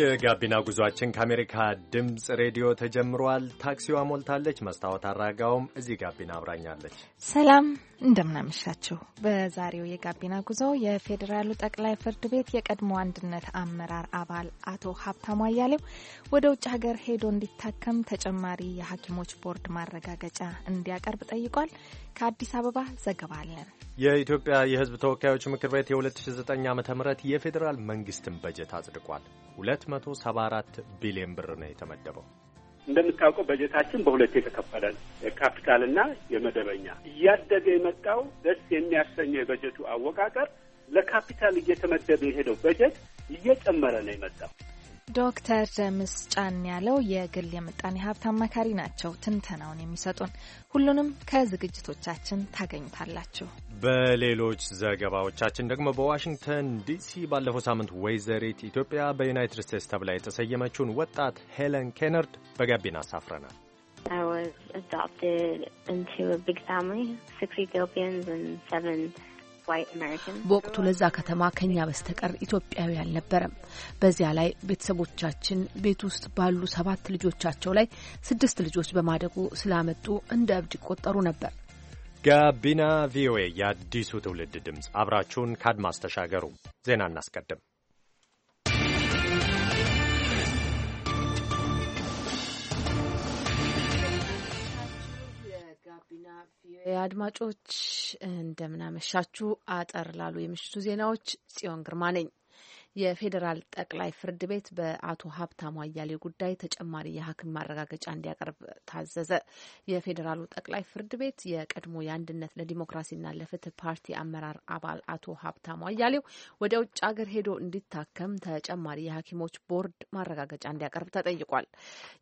የጋቢና ጉዟችን ከአሜሪካ ድምፅ ሬዲዮ ተጀምሯል። ታክሲዋ ሞልታለች። መስታወት አራጋውም እዚህ ጋቢና አብራኛለች። ሰላም እንደምናመሻችሁ። በዛሬው የጋቢና ጉዞ የፌዴራሉ ጠቅላይ ፍርድ ቤት የቀድሞ አንድነት አመራር አባል አቶ ሀብታሙ አያሌው ወደ ውጭ ሀገር ሄዶ እንዲታከም ተጨማሪ የሐኪሞች ቦርድ ማረጋገጫ እንዲያቀርብ ጠይቋል። ከአዲስ አበባ ዘገባ አለን። የኢትዮጵያ የሕዝብ ተወካዮች ምክር ቤት የ2009 ዓ ም የፌዴራል መንግስትን በጀት አጽድቋል። ሁለት 274 ቢሊዮን ብር ነው የተመደበው። እንደምታውቀው በጀታችን በሁለት የተከፈለ ነው፣ የካፒታልና የመደበኛ። እያደገ የመጣው ደስ የሚያሰኘው የበጀቱ አወቃቀር ለካፒታል እየተመደበ የሄደው በጀት እየጨመረ ነው የመጣው። ዶክተር ደምስ ጫን ያለው የግል የምጣኔ ሀብት አማካሪ ናቸው። ትንተናውን የሚሰጡን ሁሉንም ከዝግጅቶቻችን ታገኙታላችሁ። በሌሎች ዘገባዎቻችን ደግሞ በዋሽንግተን ዲሲ ባለፈው ሳምንት ወይዘሪት ኢትዮጵያ በዩናይትድ ስቴትስ ተብላ የተሰየመችውን ወጣት ሄለን ኬነርድ በጋቢና አሳፍረናል። I was adopted into a big family, six Ethiopians and seven በወቅቱ ለዛ ከተማ ከኛ በስተቀር ኢትዮጵያዊ አልነበረም። በዚያ ላይ ቤተሰቦቻችን ቤት ውስጥ ባሉ ሰባት ልጆቻቸው ላይ ስድስት ልጆች በማደጉ ስላመጡ እንደ እብድ ይቆጠሩ ነበር። ጋቢና ቪኦኤ፣ የአዲሱ ትውልድ ድምፅ። አብራችሁን ከአድማስ ተሻገሩ። ዜና እናስቀድም። አድማጮች እንደምናመሻችሁ። አጠር ላሉ የምሽቱ ዜናዎች ጽዮን ግርማ ነኝ። የፌዴራል ጠቅላይ ፍርድ ቤት በአቶ ሀብታሙ አያሌው ጉዳይ ተጨማሪ የሐኪም ማረጋገጫ እንዲያቀርብ ታዘዘ። የፌዴራሉ ጠቅላይ ፍርድ ቤት የቀድሞ የአንድነት ለዲሞክራሲና ለፍትህ ፓርቲ አመራር አባል አቶ ሀብታሙ አያሌው ወደ ውጭ ሀገር ሄዶ እንዲታከም ተጨማሪ የሐኪሞች ቦርድ ማረጋገጫ እንዲያቀርብ ተጠይቋል።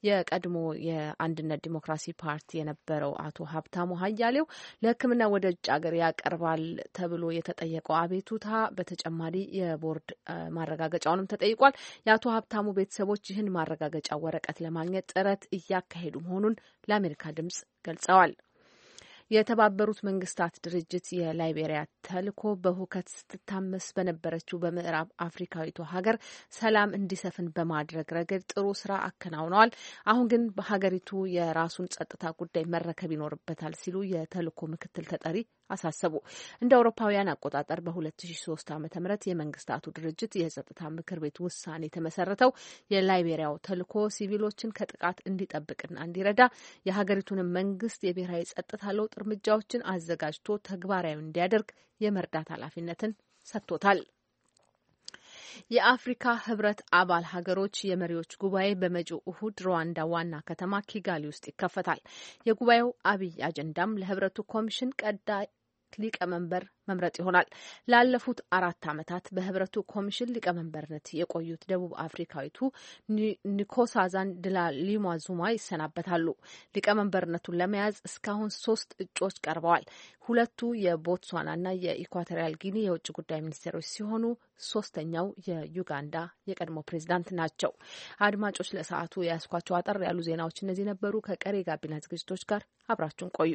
የቀድሞ የአንድነት ዲሞክራሲ ፓርቲ የነበረው አቶ ሀብታሙ አያሌው ለሕክምና ወደ ውጭ ሀገር ያቀርባል ተብሎ የተጠየቀው አቤቱታ በተጨማሪ የቦርድ ማረጋገጫውንም ተጠይቋል። የአቶ ሀብታሙ ቤተሰቦች ይህን ማረጋገጫ ወረቀት ለማግኘት ጥረት እያካሄዱ መሆኑን ለአሜሪካ ድምጽ ገልጸዋል። የተባበሩት መንግስታት ድርጅት የላይቤሪያ ተልእኮ በሁከት ስትታመስ በነበረችው በምዕራብ አፍሪካዊቱ ሀገር ሰላም እንዲሰፍን በማድረግ ረገድ ጥሩ ስራ አከናውነዋል። አሁን ግን በሀገሪቱ የራሱን ጸጥታ ጉዳይ መረከብ ይኖርበታል ሲሉ የተልእኮ ምክትል ተጠሪ አሳሰቡ። እንደ አውሮፓውያን አቆጣጠር በ2003 ዓ ም የመንግስታቱ ድርጅት የጸጥታ ምክር ቤት ውሳኔ የተመሰረተው የላይቤሪያው ተልእኮ ሲቪሎችን ከጥቃት እንዲጠብቅና እንዲረዳ የሀገሪቱንም መንግስት የብሔራዊ ጸጥታ ለውጥ እርምጃዎችን አዘጋጅቶ ተግባራዊ እንዲያደርግ የመርዳት ኃላፊነትን ሰጥቶታል። የአፍሪካ ህብረት አባል ሀገሮች የመሪዎች ጉባኤ በመጪው እሁድ ሩዋንዳ ዋና ከተማ ኪጋሊ ውስጥ ይከፈታል። የጉባኤው አብይ አጀንዳም ለህብረቱ ኮሚሽን ሊቀመንበር መምረጥ ይሆናል። ላለፉት አራት ዓመታት በህብረቱ ኮሚሽን ሊቀመንበርነት የቆዩት ደቡብ አፍሪካዊቱ ኒኮሳዛን ድላሊማ ዙማ ይሰናበታሉ። ሊቀመንበርነቱን ለመያዝ እስካሁን ሶስት እጩዎች ቀርበዋል። ሁለቱ የቦትስዋናና የኢኳቶሪያል ጊኒ የውጭ ጉዳይ ሚኒስቴሮች ሲሆኑ ሶስተኛው የዩጋንዳ የቀድሞ ፕሬዚዳንት ናቸው። አድማጮች፣ ለሰዓቱ የያስኳቸው አጠር ያሉ ዜናዎች እነዚህ ነበሩ። ከቀሪ ጋቢና ዝግጅቶች ጋር አብራችሁን ቆዩ።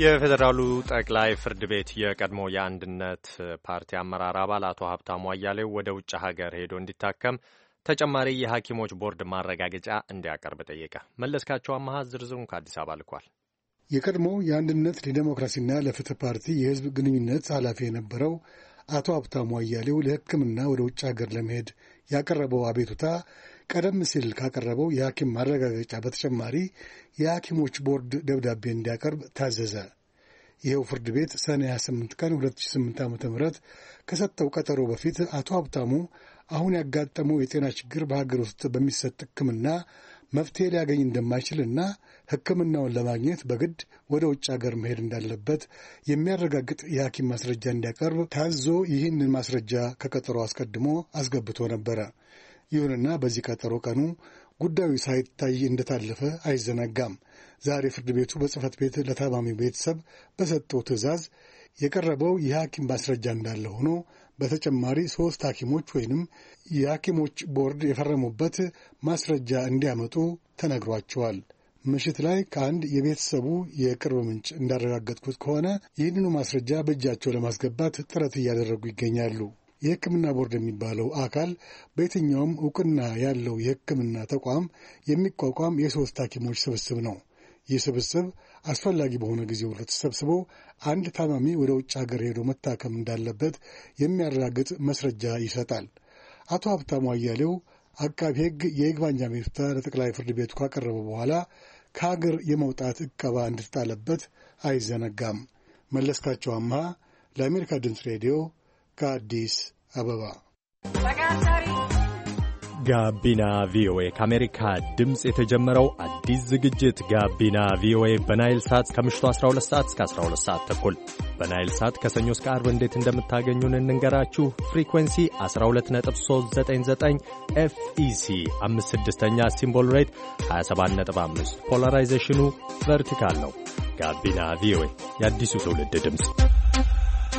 የፌዴራሉ ጠቅላይ ፍርድ ቤት የቀድሞ የአንድነት ፓርቲ አመራር አባል አቶ ሀብታሙ አያሌው ወደ ውጭ ሀገር ሄዶ እንዲታከም ተጨማሪ የሐኪሞች ቦርድ ማረጋገጫ እንዲያቀርብ ጠየቀ። መለስካቸው አመሃ ዝርዝሩን ከአዲስ አበባ ልኳል። የቀድሞ የአንድነት ለዲሞክራሲና ለፍትህ ፓርቲ የህዝብ ግንኙነት ኃላፊ የነበረው አቶ ሀብታሙ አያሌው ለሕክምና ወደ ውጭ ሀገር ለመሄድ ያቀረበው አቤቱታ ቀደም ሲል ካቀረበው የሐኪም ማረጋገጫ በተጨማሪ የሐኪሞች ቦርድ ደብዳቤ እንዲያቀርብ ታዘዘ። ይኸው ፍርድ ቤት ሰኔ 28 ቀን 2008 ዓ ም ከሰጠው ቀጠሮ በፊት አቶ ሀብታሙ አሁን ያጋጠመው የጤና ችግር በሀገር ውስጥ በሚሰጥ ሕክምና መፍትሄ ሊያገኝ እንደማይችል እና ሕክምናውን ለማግኘት በግድ ወደ ውጭ ሀገር መሄድ እንዳለበት የሚያረጋግጥ የሐኪም ማስረጃ እንዲያቀርብ ታዞ ይህንን ማስረጃ ከቀጠሮ አስቀድሞ አስገብቶ ነበረ። ይሁንና በዚህ ቀጠሮ ቀኑ ጉዳዩ ሳይታይ እንደታለፈ አይዘነጋም። ዛሬ ፍርድ ቤቱ በጽህፈት ቤት ለታማሚው ቤተሰብ በሰጠው ትዕዛዝ የቀረበው የሐኪም ማስረጃ እንዳለ ሆኖ በተጨማሪ ሦስት ሐኪሞች ወይንም የሐኪሞች ቦርድ የፈረሙበት ማስረጃ እንዲያመጡ ተነግሯቸዋል። ምሽት ላይ ከአንድ የቤተሰቡ የቅርብ ምንጭ እንዳረጋገጥኩት ከሆነ ይህንኑ ማስረጃ በእጃቸው ለማስገባት ጥረት እያደረጉ ይገኛሉ። የሕክምና ቦርድ የሚባለው አካል በየትኛውም እውቅና ያለው የሕክምና ተቋም የሚቋቋም የሶስት ሐኪሞች ስብስብ ነው። ይህ ስብስብ አስፈላጊ በሆነ ጊዜ ሁሉ ተሰብስቦ አንድ ታማሚ ወደ ውጭ ሀገር ሄዶ መታከም እንዳለበት የሚያረጋግጥ መስረጃ ይሰጣል። አቶ ሀብታሙ አያሌው አቃቢ ሕግ የይግባኝ አቤቱታ ለጠቅላይ ፍርድ ቤቱ ካቀረበ በኋላ ከሀገር የመውጣት እቀባ እንድትጣለበት አይዘነጋም። መለስካቸው አምሃ ለአሜሪካ ድምፅ ሬዲዮ ከአዲስ አበባ ጋቢና ቪኦኤ ከአሜሪካ ድምፅ የተጀመረው አዲስ ዝግጅት ጋቢና ቪኦኤ በናይል ሳት ከምሽቱ 12 ሰዓት እስከ 12 ሰዓት ተኩል በናይል ሳት ከሰኞ እስከ አርብ እንዴት እንደምታገኙን እንንገራችሁ። ፍሪኩንሲ 12399 ኤፍኢሲ 56ኛ ሲምቦል ሬት 275 ፖላራይዜሽኑ ቨርቲካል ነው። ጋቢና ቪኦኤ የአዲሱ ትውልድ ድምፅ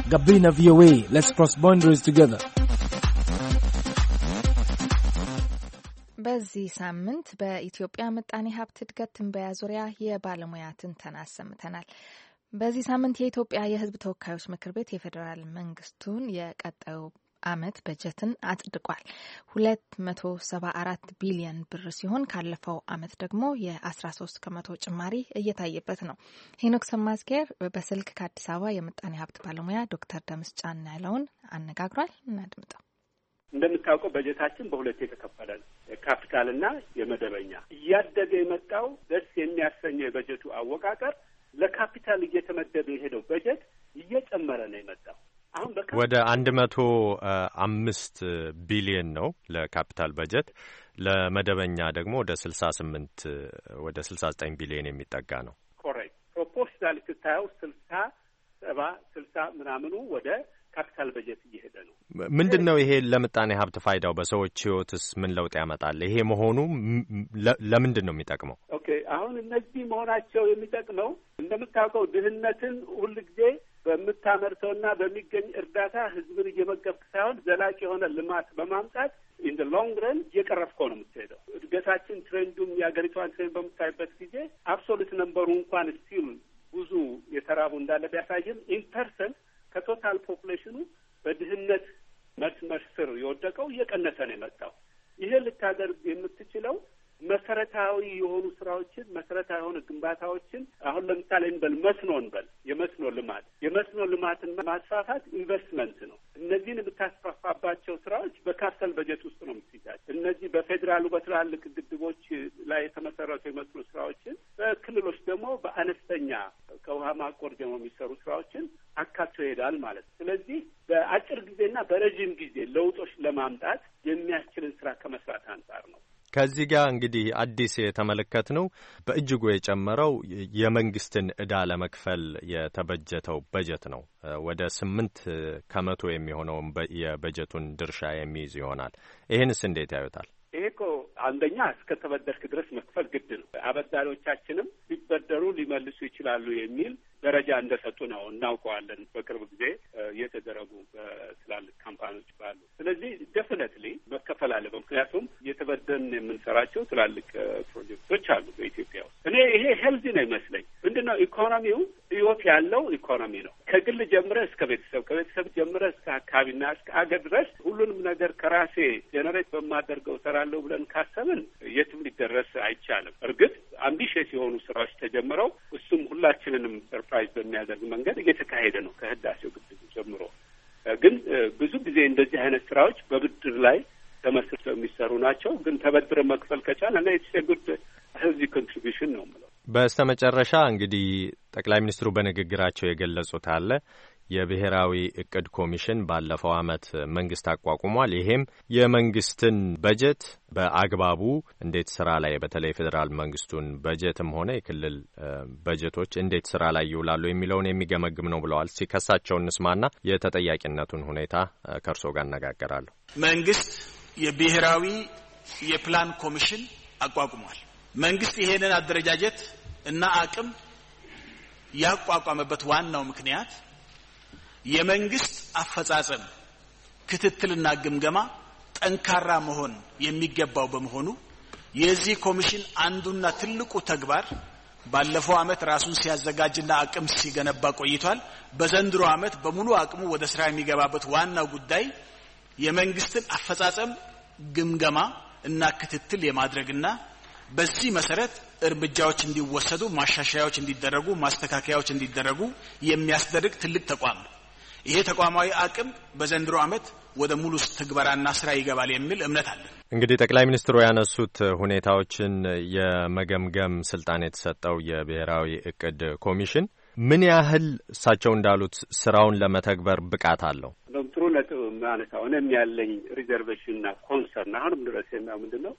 Gabina VOA. Let's cross boundaries together. በዚህ ሳምንት በኢትዮጵያ ምጣኔ ሀብት እድገት ትንበያ ዙሪያ የባለሙያ ትንተና አሰምተናል። በዚህ ሳምንት የኢትዮጵያ የሕዝብ ተወካዮች ምክር ቤት የፌዴራል መንግስቱን የቀጣዩ ዓመት በጀትን አጽድቋል። 274 ቢሊዮን ብር ሲሆን ካለፈው ዓመት ደግሞ የ13 ከመቶ ጭማሪ እየታየበት ነው። ሄኖክ ሰማዝጌር በስልክ ከአዲስ አበባ የምጣኔ ሀብት ባለሙያ ዶክተር ደምስጫን ያለውን አነጋግሯል። እናድምጠው። እንደምታውቀው በጀታችን በሁለት የተከፈለ ነው፣ ካፒታልና የመደበኛ። እያደገ የመጣው ደስ የሚያሰኘው የበጀቱ አወቃቀር ለካፒታል እየተመደበ የሄደው በጀት ወደ አንድ መቶ አምስት ቢሊየን ነው ለካፒታል በጀት ለመደበኛ ደግሞ ወደ ስልሳ ስምንት ወደ ስልሳ ዘጠኝ ቢሊየን የሚጠጋ ነው። ኮሬክት ፕሮፖርሽናል ስታየው ስልሳ ሰባ ስልሳ ምናምኑ ወደ ካፒታል በጀት እየሄደ ነው። ምንድን ነው ይሄ ለምጣኔ ሀብት ፋይዳው? በሰዎች ህይወትስ ምን ለውጥ ያመጣል? ይሄ መሆኑ ለምንድን ነው የሚጠቅመው? ኦኬ አሁን እነዚህ መሆናቸው የሚጠቅመው እንደምታውቀው ድህነትን ሁልጊዜ በምታመርተውና በሚገኝ እርዳታ ህዝብን እየመገብክ ሳይሆን ዘላቂ የሆነ ልማት በማምጣት ኢን ሎንግ ረን እየቀረፍከው ነው የምትሄደው። እድገታችን ትሬንዱም የሀገሪቷን ትሬንድ በምታይበት ጊዜ አብሶሉት ነንበሩ እንኳን ስቲል ብዙ የተራቡ እንዳለ ቢያሳይም ኢን ፐርሰንት ከቶታል ፖፑሌሽኑ በድህነት መስመር ስር የወደቀው እየቀነሰ ነው የመጣው። ይሄ ልታደርግ የምትችለው መሰረታዊ የሆኑ ስራዎችን መሰረታዊ የሆኑ ግንባታዎችን አሁን ለምሳሌ እንበል መስኖ እንበል የመስኖ ልማት የመስኖ ልማትን ማስፋፋት ኢንቨስትመንት ነው። እነዚህን የምታስፋፋባቸው ስራዎች በካፒታል በጀት ውስጥ ነው የምትይዛቸው። እነዚህ በፌዴራሉ በትላልቅ ግድቦች ላይ የተመሰረቱ የመስኖ ስራዎችን፣ በክልሎች ደግሞ በአነስተኛ ከውሃ ማቆር ጀምሮ የሚሰሩ ስራዎችን አካቶ ይሄዳል ማለት ነው። ስለዚህ በአጭር ጊዜና በረዥም ጊዜ ለውጦች ለማምጣት ከዚህ ጋር እንግዲህ አዲስ የተመለከት ነው በእጅጉ የጨመረው የመንግስትን እዳ ለመክፈል የተበጀተው በጀት ነው። ወደ ስምንት ከመቶ የሚሆነውን የበጀቱን ድርሻ የሚይዝ ይሆናል። ይህንስ እንዴት ያዩታል? ይሄ እኮ አንደኛ እስከ ተበደርክ ድረስ መክፈል ግድ ነው። አበዳሪዎቻችንም ሊበደሩ ሊመልሱ ይችላሉ የሚል ደረጃ እንደሰጡ ነው እናውቀዋለን። በቅርብ ጊዜ የተደረጉ ትላልቅ ካምፓኒዎች ባሉ። ስለዚህ ደፍነትሊ መከፈል አለ። ምክንያቱም እየተበደን የምንሰራቸው ትላልቅ ፕሮጀክቶች አሉ በኢትዮጵያ ውስጥ። እኔ ይሄ ሄልዚ ነው ይመስለኝ። ምንድን ነው ኢኮኖሚው ህይወት ያለው ኢኮኖሚ ነው። ከግል ጀምረ እስከ ቤተሰብ፣ ከቤተሰብ ጀምረ እስከ አካባቢና እስከ አገር ድረስ ሁሉንም ነገር ከራሴ ጀነሬት በማደርገው ሰራለሁ ብለን ካሰብን የትም ሊደረስ አይቻልም። እርግጥ አምቢሽስ የሆኑ ስራዎች ተጀምረው እሱም ሁላችንንም ሰርፕራይዝ በሚያደርግ መንገድ እየተካሄደ ነው ከህዳሴው ግድቡ ጀምሮ። ግን ብዙ ጊዜ እንደዚህ አይነት ስራዎች በብድር ላይ ተመስርተው የሚሰሩ ናቸው። ግን ተበድረ መክፈል ከቻለ እና የተሰጉድ ህዝብ ኮንትሪቢሽን ነው የምለው በስተመጨረሻ እንግዲህ ጠቅላይ ሚኒስትሩ በንግግራቸው የገለጹት አለ የብሔራዊ እቅድ ኮሚሽን ባለፈው ዓመት መንግስት አቋቁሟል። ይሄም የመንግስትን በጀት በአግባቡ እንዴት ስራ ላይ በተለይ ፌዴራል መንግስቱን በጀትም ሆነ የክልል በጀቶች እንዴት ስራ ላይ ይውላሉ የሚለውን የሚገመግም ነው ብለዋል። ሲከሳቸው እንስማና የተጠያቂነቱን ሁኔታ ከእርሶ ጋር እነጋገራለሁ። መንግስት የብሔራዊ የፕላን ኮሚሽን አቋቁሟል። መንግስት ይሄንን አደረጃጀት እና አቅም ያቋቋመበት ዋናው ምክንያት የመንግስት አፈጻጸም ክትትልና ግምገማ ጠንካራ መሆን የሚገባው በመሆኑ የዚህ ኮሚሽን አንዱና ትልቁ ተግባር ባለፈው አመት ራሱን ሲያዘጋጅና አቅም ሲገነባ ቆይቷል። በዘንድሮ አመት በሙሉ አቅሙ ወደ ስራ የሚገባበት ዋናው ጉዳይ የመንግስትን አፈጻጸም ግምገማ እና ክትትል የማድረግና በዚህ መሰረት እርምጃዎች እንዲወሰዱ፣ ማሻሻያዎች እንዲደረጉ፣ ማስተካከያዎች እንዲደረጉ የሚያስደርግ ትልቅ ተቋም ነው። ይሄ ተቋማዊ አቅም በዘንድሮ ዓመት ወደ ሙሉ ትግበራና ስራ ይገባል የሚል እምነት አለ። እንግዲህ ጠቅላይ ሚኒስትሩ ያነሱት ሁኔታዎችን የመገምገም ስልጣን የተሰጠው የብሔራዊ እቅድ ኮሚሽን ምን ያህል እሳቸው እንዳሉት ስራውን ለመተግበር ብቃት አለው? ጥሩ ነጥብ ማለት አሁን የሚያለኝ ሪዘርቬሽንና ኮንሰርን አሁንም ድረስ ምንድን ነው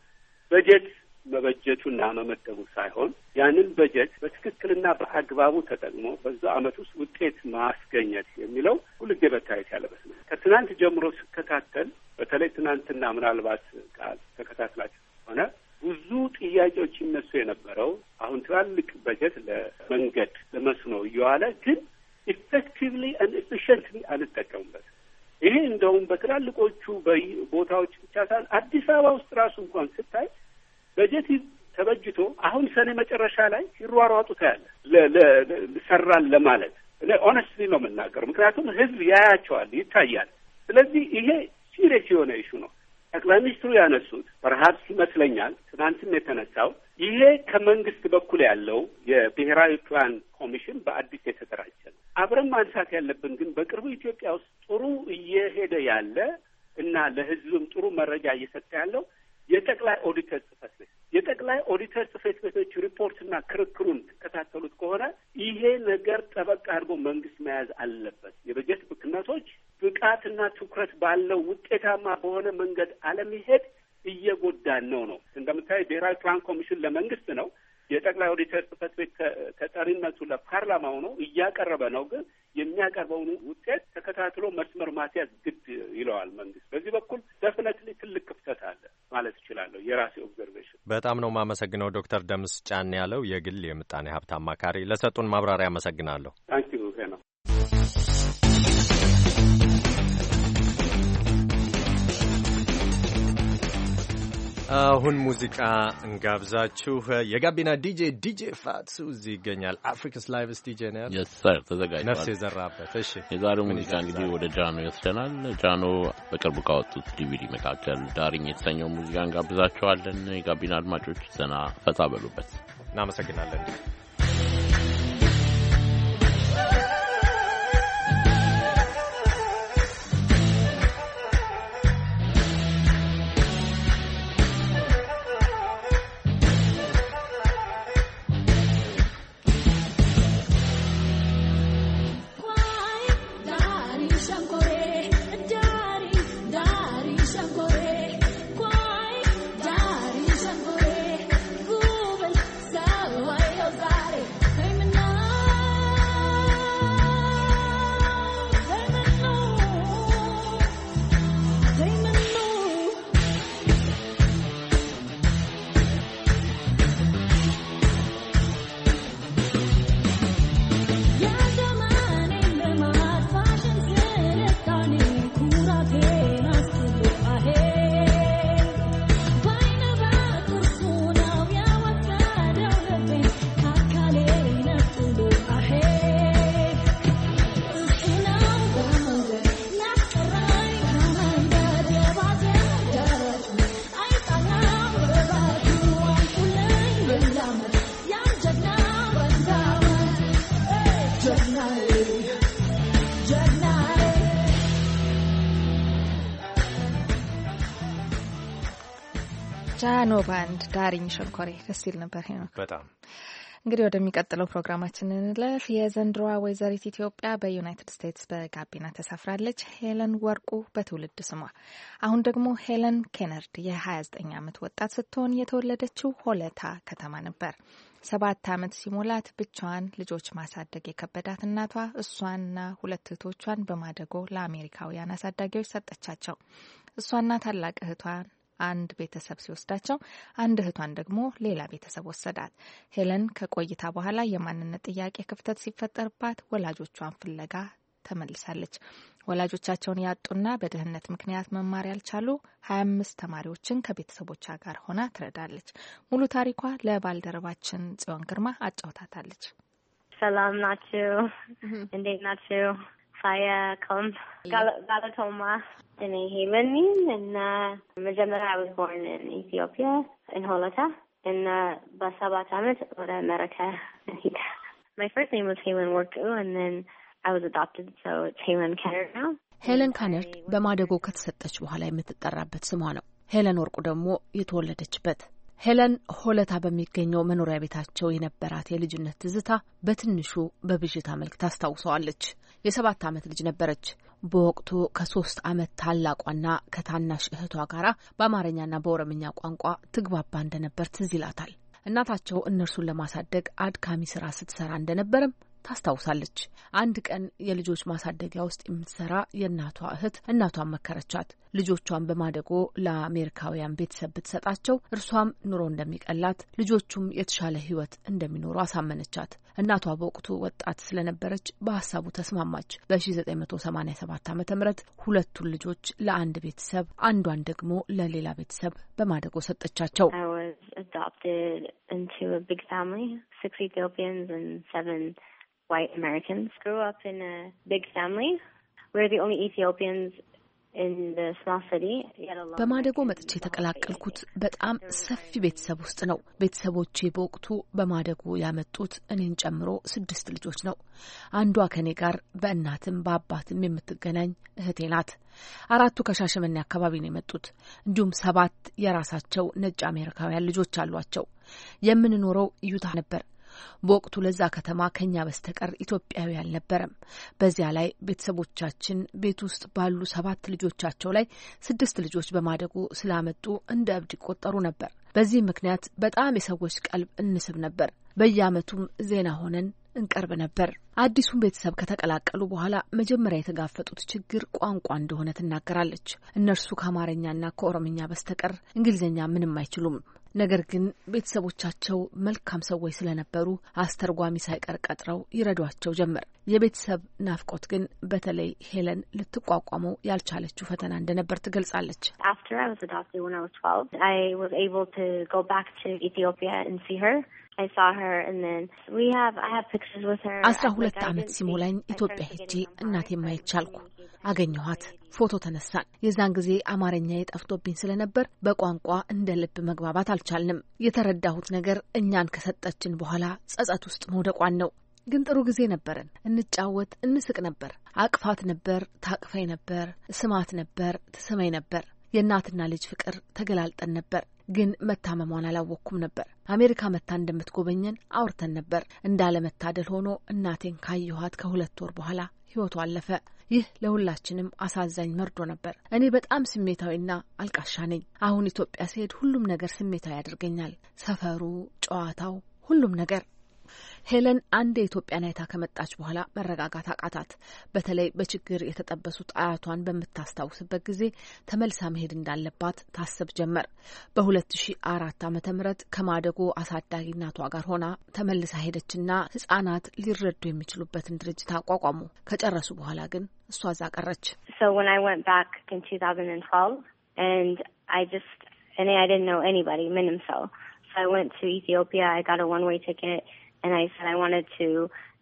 በጀት መበጀቱና መመደቡ ሳይሆን ያንን በጀት በትክክልና በአግባቡ ተጠቅሞ በዛ አመት ውስጥ ውጤት ማስገኘት የሚለው ሁልጊዜ መታየት ያለበት ነው። ከትናንት ጀምሮ ስከታተል በተለይ ትናንትና ምናልባት ቃል ተከታትላችሁ ሆነ ብዙ ጥያቄዎች ይነሱ የነበረው አሁን ትላልቅ በጀት ለመንገድ ለመስኖ እየዋለ ግን ኢፌክቲቭሊ እን ኤፊሽንትሊ አልጠቀሙበት። ይሄ እንደውም በትላልቆቹ ቦታዎች ብቻ ሳይሆን አዲስ አበባ ውስጥ ራሱ እንኳን ስታይ በጀት ተበጅቶ አሁን ሰኔ መጨረሻ ላይ ሲሯሯጡ ታያለ ሰራን ለማለት ኦነስትሊ ነው የምናገር። ምክንያቱም ህዝብ ያያቸዋል፣ ይታያል። ስለዚህ ይሄ ሲሪየስ የሆነ ኢሹ ነው ጠቅላይ ሚኒስትሩ ያነሱት። በረሀብስ ይመስለኛል ትናንትም የተነሳው ይሄ ከመንግስት በኩል ያለው የብሔራዊ ፕላን ኮሚሽን በአዲስ የተደራጀ ነው። አብረን ማንሳት ያለብን ግን በቅርቡ ኢትዮጵያ ውስጥ ጥሩ እየሄደ ያለ እና ለህዝብም ጥሩ መረጃ እየሰጠ ያለው የጠቅላይ ኦዲተር ጽህፈት የጠቅላይ ኦዲተር ጽፈት ቤቶች ሪፖርትና ክርክሩን ትከታተሉት ከሆነ ይሄ ነገር ጠበቅ አድርጎ መንግስት መያዝ አለበት። የበጀት ብክነቶች ብቃትና ትኩረት ባለው ውጤታማ በሆነ መንገድ አለመሄድ እየጎዳን ነው ነው እንደምታየ ብሔራዊ ፕላን ኮሚሽን ለመንግስት ነው። የጠቅላይ ኦዲተር ጽፈት ቤት ተጠሪነቱ ለፓርላማው ነው እያቀረበ ነው። ግን የሚያቀርበውን ውጤት ተከታትሎ መስመር ማስያዝ ግድ ይለዋል መንግስት። በዚህ በኩል ደፍነት ትልቅ ክፍተት አለ ማለት እችላለሁ የራሴ በጣም ነው የማመሰግነው ዶክተር ደምስ ጫን ያለው የግል የምጣኔ ሀብት አማካሪ ለሰጡን ማብራሪያ አመሰግናለሁ። ታንኪዩ ነው። አሁን ሙዚቃ እንጋብዛችሁ። የጋቢና ዲጄ ዲጄ ፋትሱ እዚህ ይገኛል። አፍሪካስ ላይቭስ ዲጄ ነው ሰር ተዘጋጅ ነፍስ የዘራበት እሺ። የዛሬው ሙዚቃ እንግዲህ ወደ ጃኖ ይወስደናል። ጃኖ በቅርቡ ካወጡት ዲቪዲ መካከል ዳሪኝ የተሰኘው ሙዚቃ እንጋብዛችኋለን። የጋቢና አድማጮች ዘና ፈታ በሉበት። እናመሰግናለን። ኖ ባንድ ዳሪኝ ሸኮሬ ደስ ይል ነበር ሄኖክ። በጣም እንግዲህ ወደሚቀጥለው ፕሮግራማችን እንለፍ። የዘንድሮዋ ወይዘሪት ኢትዮጵያ በዩናይትድ ስቴትስ በጋቢና ተሳፍራለች። ሄለን ወርቁ በትውልድ ስሟ። አሁን ደግሞ ሄለን ኬነርድ የ29 ዓመት ወጣት ስትሆን የተወለደችው ሆለታ ከተማ ነበር። ሰባት ዓመት ሲሞላት ብቻዋን ልጆች ማሳደግ የከበዳት እናቷ እሷና ሁለት እህቶቿን በማደጎ ለአሜሪካውያን አሳዳጊዎች ሰጠቻቸው። እሷና ታላቅ እህቷን አንድ ቤተሰብ ሲወስዳቸው አንድ እህቷን ደግሞ ሌላ ቤተሰብ ወሰዳት። ሄለን ከቆይታ በኋላ የማንነት ጥያቄ ክፍተት ሲፈጠርባት ወላጆቿን ፍለጋ ተመልሳለች። ወላጆቻቸውን ያጡና በድህነት ምክንያት መማር ያልቻሉ ሀያ አምስት ተማሪዎችን ከቤተሰቦቿ ጋር ሆና ትረዳለች። ሙሉ ታሪኳ ለባልደረባችን ጽዮን ግርማ አጫውታታለች። ሰላም ናችሁ? እንዴት ናችሁ? ሳየ ከም ጋለቶማ እኒ ሄመኒ እና መጀመሪያ ዊ ኢትዮጵያ እንሆለታ እና በሰባት ዓመት ወደ አሜሪካ ማይ ፈርስት ኔም ወዝ ሄመን ወርቅ ንን አይ ወዝ አዶፕትድ ሄመን ካነር ነው ሄለን ካነርድ በማደጎ ከተሰጠች በኋላ የምትጠራበት ስሟ ነው። ሄለን ወርቁ ደግሞ የተወለደችበት ሄለን ሆለታ በሚገኘው መኖሪያ ቤታቸው የነበራት የልጅነት ትዝታ በትንሹ በብዥታ መልክ ታስታውሰዋለች። የሰባት ዓመት ልጅ ነበረች። በወቅቱ ከሶስት ዓመት ታላቋና ከታናሽ እህቷ ጋር በአማርኛና በኦሮምኛ ቋንቋ ትግባባ እንደነበር ትዝ ይላታል። እናታቸው እነርሱን ለማሳደግ አድካሚ ስራ ስትሰራ እንደነበርም ታስታውሳለች። አንድ ቀን የልጆች ማሳደጊያ ውስጥ የምትሰራ የእናቷ እህት እናቷን መከረቻት። ልጆቿን በማደጎ ለአሜሪካውያን ቤተሰብ ብትሰጣቸው እርሷም ኑሮ እንደሚቀላት ልጆቹም የተሻለ ህይወት እንደሚኖሩ አሳመነቻት። እናቷ በወቅቱ ወጣት ስለነበረች በሀሳቡ ተስማማች። በ1987 ዓ ም ሁለቱን ልጆች ለአንድ ቤተሰብ፣ አንዷን ደግሞ ለሌላ ቤተሰብ በማደጎ ሰጠቻቸው። adopted into a big family, six Ethiopians and seven white Americans. Grew up in a big family. We're the only Ethiopians በማደጎ መጥቼ የተቀላቀልኩት በጣም ሰፊ ቤተሰብ ውስጥ ነው። ቤተሰቦቼ በወቅቱ በማደጎ ያመጡት እኔን ጨምሮ ስድስት ልጆች ነው። አንዷ ከኔ ጋር በእናትም በአባትም የምትገናኝ እህቴ ናት። አራቱ ከሻሸመኔ አካባቢ ነው የመጡት። እንዲሁም ሰባት የራሳቸው ነጭ አሜሪካውያን ልጆች አሏቸው። የምንኖረው ዩታ ነበር። በወቅቱ ለዛ ከተማ ከኛ በስተቀር ኢትዮጵያዊ አልነበረም። በዚያ ላይ ቤተሰቦቻችን ቤት ውስጥ ባሉ ሰባት ልጆቻቸው ላይ ስድስት ልጆች በማደጉ ስላመጡ እንደ እብድ ይቆጠሩ ነበር። በዚህ ምክንያት በጣም የሰዎች ቀልብ እንስብ ነበር። በየአመቱም ዜና ሆነን እንቀርብ ነበር። አዲሱን ቤተሰብ ከተቀላቀሉ በኋላ መጀመሪያ የተጋፈጡት ችግር ቋንቋ እንደሆነ ትናገራለች። እነርሱ ከአማርኛና ከኦሮምኛ በስተቀር እንግሊዝኛ ምንም አይችሉም። ነገር ግን ቤተሰቦቻቸው መልካም ሰዎች ስለነበሩ አስተርጓሚ ሳይቀር ቀጥረው ይረዷቸው ጀመር። የቤተሰብ ናፍቆት ግን በተለይ ሄለን ልትቋቋመው ያልቻለችው ፈተና እንደነበር ትገልጻለች። አስራ ሁለት ዓመት ሲሞላኝ ኢትዮጵያ ሄጄ እናቴ የማይቻልኩ አገኘኋት። ፎቶ ተነሳን። የዛን ጊዜ አማርኛ የጠፍቶብኝ ስለነበር በቋንቋ እንደ ልብ መግባባት አልቻልንም። የተረዳሁት ነገር እኛን ከሰጠችን በኋላ ጸጸት ውስጥ መውደቋን ነው። ግን ጥሩ ጊዜ ነበረን። እንጫወት፣ እንስቅ ነበር። አቅፋት ነበር፣ ታቅፈኝ ነበር፣ ስማት ነበር፣ ትስመኝ ነበር። የእናትና ልጅ ፍቅር ተገላልጠን ነበር። ግን መታመሟን አላወቅኩም ነበር። አሜሪካ መታ እንደምትጎበኘን አውርተን ነበር። እንዳለመታደል ሆኖ እናቴን ካየኋት ከሁለት ወር በኋላ ህይወቱ አለፈ። ይህ ለሁላችንም አሳዛኝ መርዶ ነበር። እኔ በጣም ስሜታዊና አልቃሻ ነኝ። አሁን ኢትዮጵያ ስሄድ ሁሉም ነገር ስሜታዊ ያደርገኛል። ሰፈሩ፣ ጨዋታው፣ ሁሉም ነገር ሄለን አንድ የኢትዮጵያን አይታ ከመጣች በኋላ መረጋጋት አቃታት። በተለይ በችግር የተጠበሱት አያቷን በምታስታውስበት ጊዜ ተመልሳ መሄድ እንዳለባት ታስብ ጀመር። በ2004 ም ከማደጎ አሳዳጊ እናቷ ጋር ሆና ተመልሳ ሄደችና ህጻናት ሊረዱ የሚችሉበትን ድርጅት አቋቋሙ። ከጨረሱ በኋላ ግን እሷ እዛ ቀረች። እኔ ምንም ሰው ኢትዮጵያ and I said I wanted to,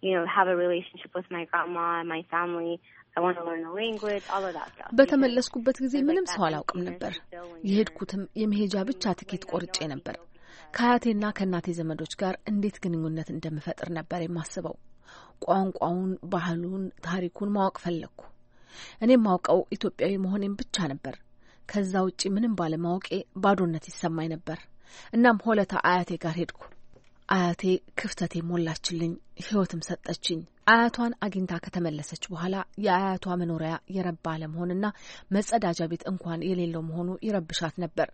you know, have a relationship with my grandma and my family. በተመለስኩበት ጊዜ ምንም ሰው አላውቅም ነበር። የሄድኩትም የመሄጃ ብቻ ትኬት ቆርጬ ነበር። ከአያቴና ከእናቴ ዘመዶች ጋር እንዴት ግንኙነት እንደምፈጥር ነበር የማስበው። ቋንቋውን፣ ባህሉን፣ ታሪኩን ማወቅ ፈለግኩ። እኔም ማውቀው ኢትዮጵያዊ መሆኔን ብቻ ነበር። ከዛ ውጪ ምንም ባለማወቄ ባዶነት ይሰማኝ ነበር። እናም ሆለታ አያቴ ጋር ሄድኩ። አያቴ ክፍተቴ ሞላችልኝ፣ ህይወትም ሰጠችኝ። አያቷን አግኝታ ከተመለሰች በኋላ የአያቷ መኖሪያ የረባ አለመሆንና መጸዳጃ ቤት እንኳን የሌለው መሆኑ ይረብሻት ነበር።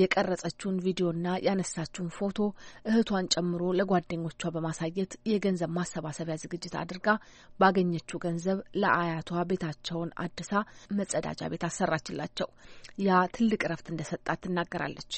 የቀረጸችውን ቪዲዮና ያነሳችውን ፎቶ እህቷን ጨምሮ ለጓደኞቿ በማሳየት የገንዘብ ማሰባሰቢያ ዝግጅት አድርጋ ባገኘችው ገንዘብ ለአያቷ ቤታቸውን አድሳ መጸዳጃ ቤት አሰራችላቸው። ያ ትልቅ እረፍት እንደሰጣት ትናገራለች።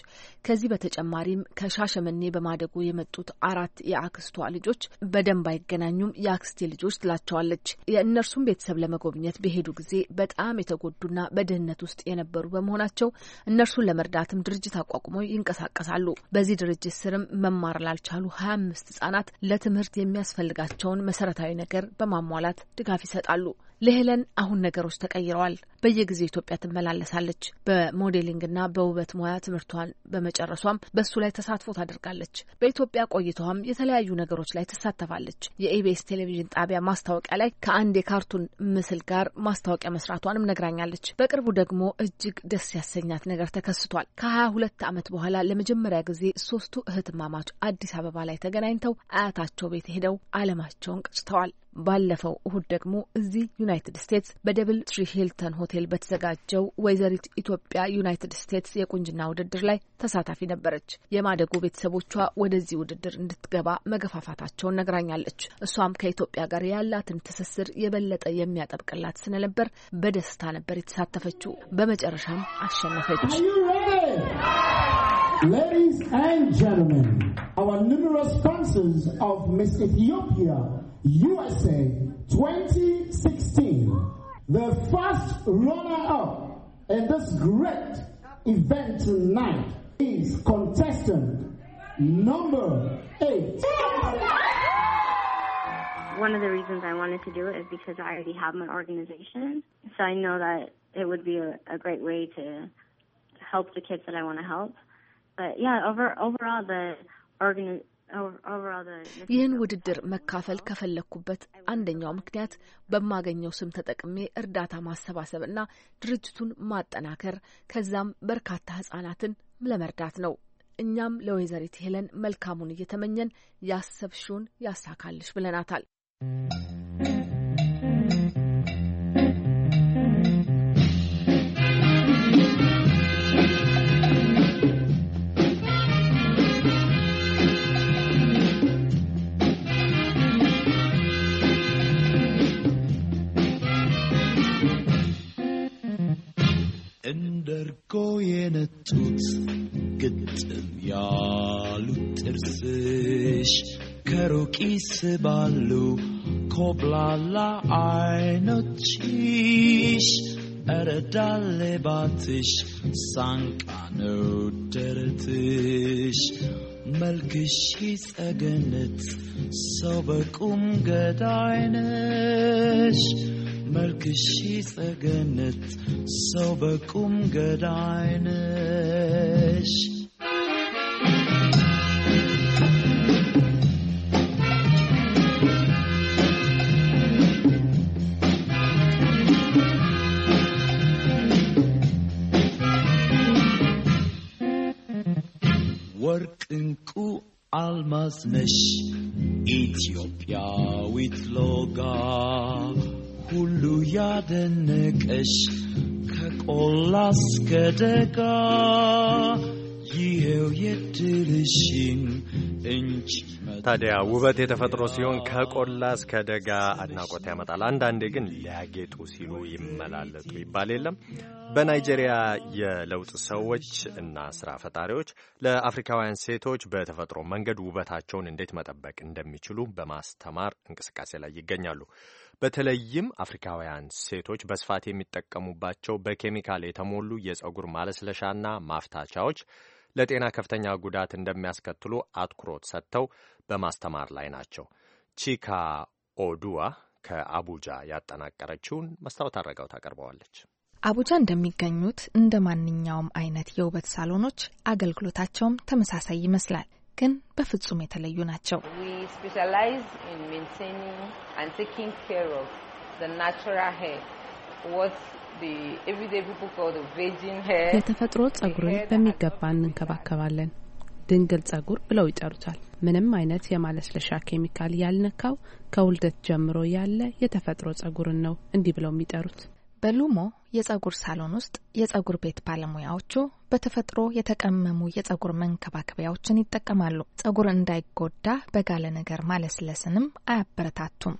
ከዚህ በተጨማሪም ከሻሸመኔ በማደጉ የመጡት አራት የአክስቷ ልጆች በደንብ አይገናኙም፣ የአክስቴ ልጆች ትላቸዋለች። የእነርሱን ቤተሰብ ለመጎብኘት በሄዱ ጊዜ በጣም የተጎዱና በድህነት ውስጥ የነበሩ በመሆናቸው እነርሱን ለመርዳት የሕጻናትም ድርጅት አቋቁመው ይንቀሳቀሳሉ። በዚህ ድርጅት ስርም መማር ላልቻሉ ሀያ አምስት ህጻናት ለትምህርት የሚያስፈልጋቸውን መሰረታዊ ነገር በማሟላት ድጋፍ ይሰጣሉ። ለሄለን አሁን ነገሮች ተቀይረዋል። በየጊዜው ኢትዮጵያ ትመላለሳለች። በሞዴሊንግና በውበት ሙያ ትምህርቷን በመጨረሷም በሱ ላይ ተሳትፎ ታደርጋለች። በኢትዮጵያ ቆይታዋም የተለያዩ ነገሮች ላይ ትሳተፋለች። የኢቢኤስ ቴሌቪዥን ጣቢያ ማስታወቂያ ላይ ከአንድ የካርቱን ምስል ጋር ማስታወቂያ መስራቷንም ነግራኛለች። በቅርቡ ደግሞ እጅግ ደስ ያሰኛት ነገር ተከስቷል። ከሀያ ሁለት ዓመት በኋላ ለመጀመሪያ ጊዜ ሶስቱ እህትማማች አዲስ አበባ ላይ ተገናኝተው አያታቸው ቤት ሄደው አለማቸውን ቀጭተዋል። ባለፈው እሁድ ደግሞ እዚህ ዩናይትድ ስቴትስ በደብል ትሪ ሂልተን ሆቴል በተዘጋጀው ወይዘሪት ኢትዮጵያ ዩናይትድ ስቴትስ የቁንጅና ውድድር ላይ ተሳታፊ ነበረች። የማደጎ ቤተሰቦቿ ወደዚህ ውድድር እንድትገባ መገፋፋታቸውን ነግራኛለች። እሷም ከኢትዮጵያ ጋር ያላትን ትስስር የበለጠ የሚያጠብቅላት ስለነበር በደስታ ነበር የተሳተፈችው። በመጨረሻም አሸነፈች። Ladies and gentlemen, our numerous sponsors of Miss Ethiopia USA 2016, the first runner-up in this great event tonight is contestant number eight. One of the reasons I wanted to do it is because I already have my organization, so I know that it would be a, a great way to help the kids that I want to help. But yeah, over, overall the organi ይህን ውድድር መካፈል ከፈለግኩበት አንደኛው ምክንያት በማገኘው ስም ተጠቅሜ እርዳታ ማሰባሰብ እና ድርጅቱን ማጠናከር ከዛም በርካታ ህጻናትን ለመርዳት ነው። እኛም ለወይዘሪት ሄለን መልካሙን እየተመኘን ያሰብሽውን ያሳካልሽ ብለናታል። የነቱት ግጥም ያሉት ጥርስሽ ከሩቂስ ባሉ ኮብላላ አይኖችሽ እረዳሌባትሽ ሳንቃ ነው ደረትሽ መልክሽ ጸገነት ሰው በቁም ገዳይነሽ መልክሺ ፀገነት ሰው በቁም ገዳይነሽ ወርቅ እንቁ አልማዝ ነሽ ኢትዮጵያዊት ሎጋ ሁሉ ያደነቀሽ ከቆላ እስከ ደጋ የድልሽን እንጂ ታዲያ ውበት የተፈጥሮ ሲሆን ከቆላ እስከ ደጋ አድናቆት ያመጣል። አንዳንዴ ግን ሊያጌጡ ሲሉ ይመላለጡ ይባል የለም። በናይጄሪያ የለውጥ ሰዎች እና ስራ ፈጣሪዎች ለአፍሪካውያን ሴቶች በተፈጥሮ መንገድ ውበታቸውን እንዴት መጠበቅ እንደሚችሉ በማስተማር እንቅስቃሴ ላይ ይገኛሉ። በተለይም አፍሪካውያን ሴቶች በስፋት የሚጠቀሙባቸው በኬሚካል የተሞሉ የጸጉር ማለስለሻና ማፍታቻዎች ለጤና ከፍተኛ ጉዳት እንደሚያስከትሉ አትኩሮት ሰጥተው በማስተማር ላይ ናቸው። ቺካ ኦዱዋ ከአቡጃ ያጠናቀረችውን መስታወት አድረጋው ታቀርበዋለች። አቡጃ እንደሚገኙት እንደ ማንኛውም አይነት የውበት ሳሎኖች አገልግሎታቸውም ተመሳሳይ ይመስላል። ግን በፍጹም የተለዩ ናቸው። የተፈጥሮ ጸጉርን በሚገባ እንንከባከባለን። ድንግል ጸጉር ብለው ይጠሩታል። ምንም አይነት የማለስለሻ ኬሚካል ያልነካው ከውልደት ጀምሮ ያለ የተፈጥሮ ጸጉርን ነው እንዲህ ብለው የሚጠሩት። በሉሞ የጸጉር ሳሎን ውስጥ የጸጉር ቤት ባለሙያዎቹ በተፈጥሮ የተቀመሙ የጸጉር መንከባከቢያዎችን ይጠቀማሉ። ጸጉር እንዳይጎዳ በጋለ ነገር ማለስለስንም አያበረታቱም።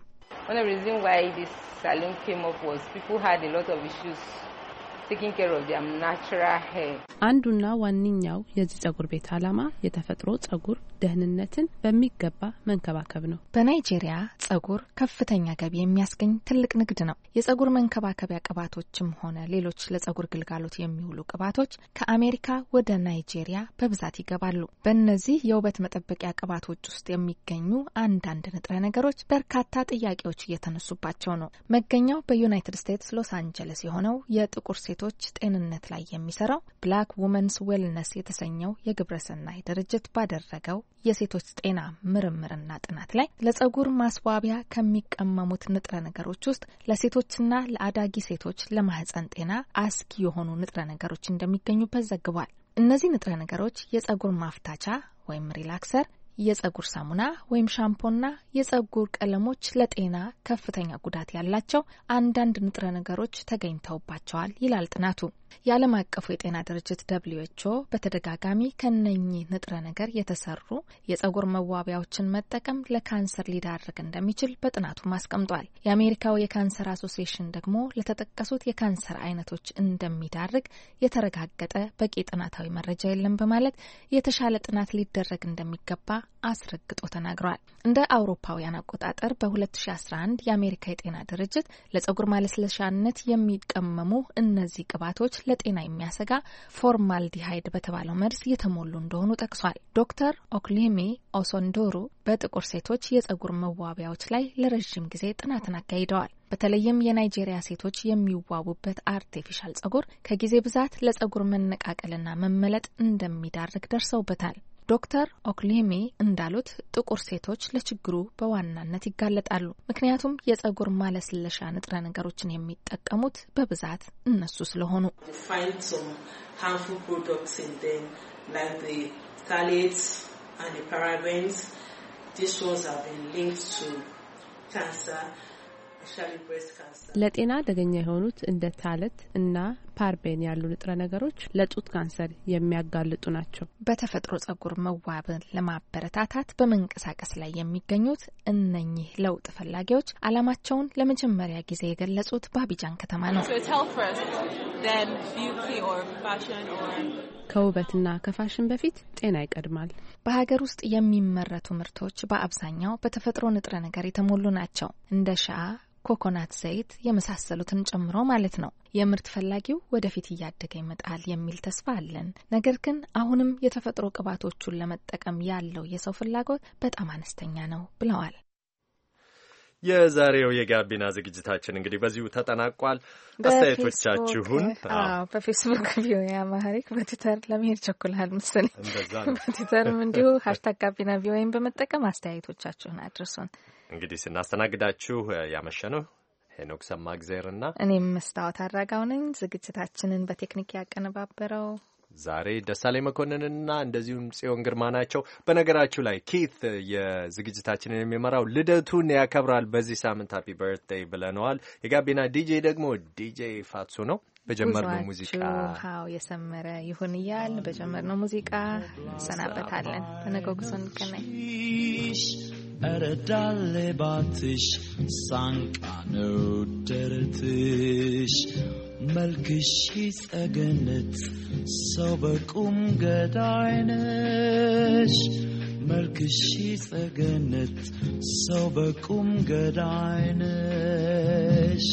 አንዱና ዋነኛው የዚህ ጸጉር ቤት ዓላማ የተፈጥሮ ጸጉር ደህንነትን በሚገባ መንከባከብ ነው። በናይጄሪያ ጸጉር ከፍተኛ ገቢ የሚያስገኝ ትልቅ ንግድ ነው። የጸጉር መንከባከቢያ ቅባቶችም ሆነ ሌሎች ለጸጉር ግልጋሎት የሚውሉ ቅባቶች ከአሜሪካ ወደ ናይጄሪያ በብዛት ይገባሉ። በእነዚህ የውበት መጠበቂያ ቅባቶች ውስጥ የሚገኙ አንዳንድ ንጥረ ነገሮች በርካታ ጥያቄዎች እየተነሱባቸው ነው። መገኛው በዩናይትድ ስቴትስ ሎስ አንጀለስ የሆነው የጥቁር ሴት ሴቶች ጤንነት ላይ የሚሰራው ብላክ ውመንስ ዌልነስ የተሰኘው የግብረሰናይ ድርጅት ባደረገው የሴቶች ጤና ምርምርና ጥናት ላይ ለጸጉር ማስዋቢያ ከሚቀመሙት ንጥረ ነገሮች ውስጥ ለሴቶችና ለአዳጊ ሴቶች ለማህፀን ጤና አስጊ የሆኑ ንጥረ ነገሮች እንደሚገኙበት ዘግቧል። እነዚህ ንጥረ ነገሮች የጸጉር ማፍታቻ ወይም ሪላክሰር የጸጉር ሳሙና ወይም ሻምፖና የጸጉር ቀለሞች ለጤና ከፍተኛ ጉዳት ያላቸው አንዳንድ ንጥረ ነገሮች ተገኝተውባቸዋል ይላል ጥናቱ። የዓለም አቀፉ የጤና ድርጅት ደብሊው ኤች ኦ በተደጋጋሚ ከነኚህ ንጥረ ነገር የተሰሩ የጸጉር መዋቢያዎችን መጠቀም ለካንሰር ሊዳርግ እንደሚችል በጥናቱም አስቀምጧል። የአሜሪካው የካንሰር አሶሲዬሽን ደግሞ ለተጠቀሱት የካንሰር አይነቶች እንደሚዳርግ የተረጋገጠ በቂ ጥናታዊ መረጃ የለም በማለት የተሻለ ጥናት ሊደረግ እንደሚገባ አስረግጦ ተናግሯል። እንደ አውሮፓውያን አቆጣጠር በ2011 የአሜሪካ የጤና ድርጅት ለጸጉር ማለስለሻነት የሚቀመሙ እነዚህ ቅባቶች ለጤና የሚያሰጋ ፎርማልዲሃይድ በተባለው መርዝ የተሞሉ እንደሆኑ ጠቅሷል። ዶክተር ኦክሌሜ ኦሶንዶሩ በጥቁር ሴቶች የጸጉር መዋቢያዎች ላይ ለረዥም ጊዜ ጥናትን አካሂደዋል። በተለይም የናይጄሪያ ሴቶች የሚዋቡበት አርቴፊሻል ጸጉር ከጊዜ ብዛት ለጸጉር መነቃቀልና መመለጥ እንደሚዳርግ ደርሰውበታል። ዶክተር ኦክሌሜ እንዳሉት ጥቁር ሴቶች ለችግሩ በዋናነት ይጋለጣሉ። ምክንያቱም የጸጉር ማለስለሻ ንጥረ ነገሮችን የሚጠቀሙት በብዛት እነሱ ስለሆኑ ለጤና አደገኛ የሆኑት እንደ ታለት እና ፓርቤን ያሉ ንጥረ ነገሮች ለጡት ካንሰር የሚያጋልጡ ናቸው። በተፈጥሮ ጸጉር መዋብን ለማበረታታት በመንቀሳቀስ ላይ የሚገኙት እነኚህ ለውጥ ፈላጊዎች አላማቸውን ለመጀመሪያ ጊዜ የገለጹት በአቢጃን ከተማ ነው። ከውበትና ከፋሽን በፊት ጤና ይቀድማል። በሀገር ውስጥ የሚመረቱ ምርቶች በአብዛኛው በተፈጥሮ ንጥረ ነገር የተሞሉ ናቸው እንደ ሻአ፣ ኮኮናት ዘይት የመሳሰሉትን ጨምሮ ማለት ነው። የምርት ፈላጊው ወደፊት እያደገ ይመጣል የሚል ተስፋ አለን። ነገር ግን አሁንም የተፈጥሮ ቅባቶቹን ለመጠቀም ያለው የሰው ፍላጎት በጣም አነስተኛ ነው ብለዋል። የዛሬው የጋቢና ዝግጅታችን እንግዲህ በዚሁ ተጠናቋል። አስተያየቶቻችሁን በፌስቡክ ቪኦኤ አማሪክ በትዊተር ለመሄድ ቸኩልሃል ምስል በትዊተርም እንዲሁ ሀሽታግ ጋቢና ቪኦኤን በመጠቀም አስተያየቶቻችሁን አድርሱን። እንግዲህ ስናስተናግዳችሁ ያመሸ ነው ሄኖክ ሰማእግዜርና እኔም መስታወት አድራጋው ነኝ። ዝግጅታችንን በቴክኒክ ያቀነባበረው ዛሬ ደሳለኝ መኮንንና እንደዚሁም ጽዮን ግርማ ናቸው። በነገራችሁ ላይ ኪት የዝግጅታችንን የሚመራው ልደቱን ያከብራል በዚህ ሳምንት ሀፒ በርትደይ ብለነዋል። የጋቢና ዲጄ ደግሞ ዲጄ ፋትሱ ነው። በጀመርነው ሙዚቃ የሰመረ ይሁን እያል በጀመርነው ሙዚቃ እንሰናበታለን። በነገው ጉዞ እንገናኝ። እረዳሌ ባትሽ ሳንቃ ነው ደረትሽ መልክሽ ጸገነት ሰው በቁም ገዳይነሽ መልክሽ ጸገነት ሰው በቁም ገዳይነሽ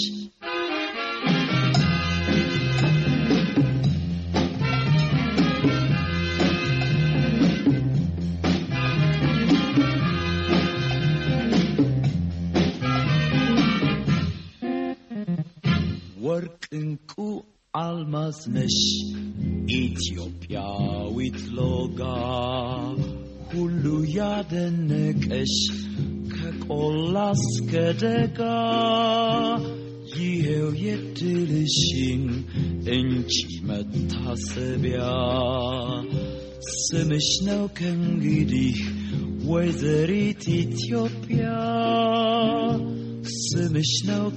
እንቁ አልማዝ ነሽ ኢትዮጵያዊት ሎጋ ሁሉ ያደነቀሽ ከቆላ እስከ ደጋ ይኸው የድልሽን እንጂ መታሰቢያ ስምሽ ነው ከእንግዲህ ወይዘሪት ኢትዮጵያ ስምሽ ነው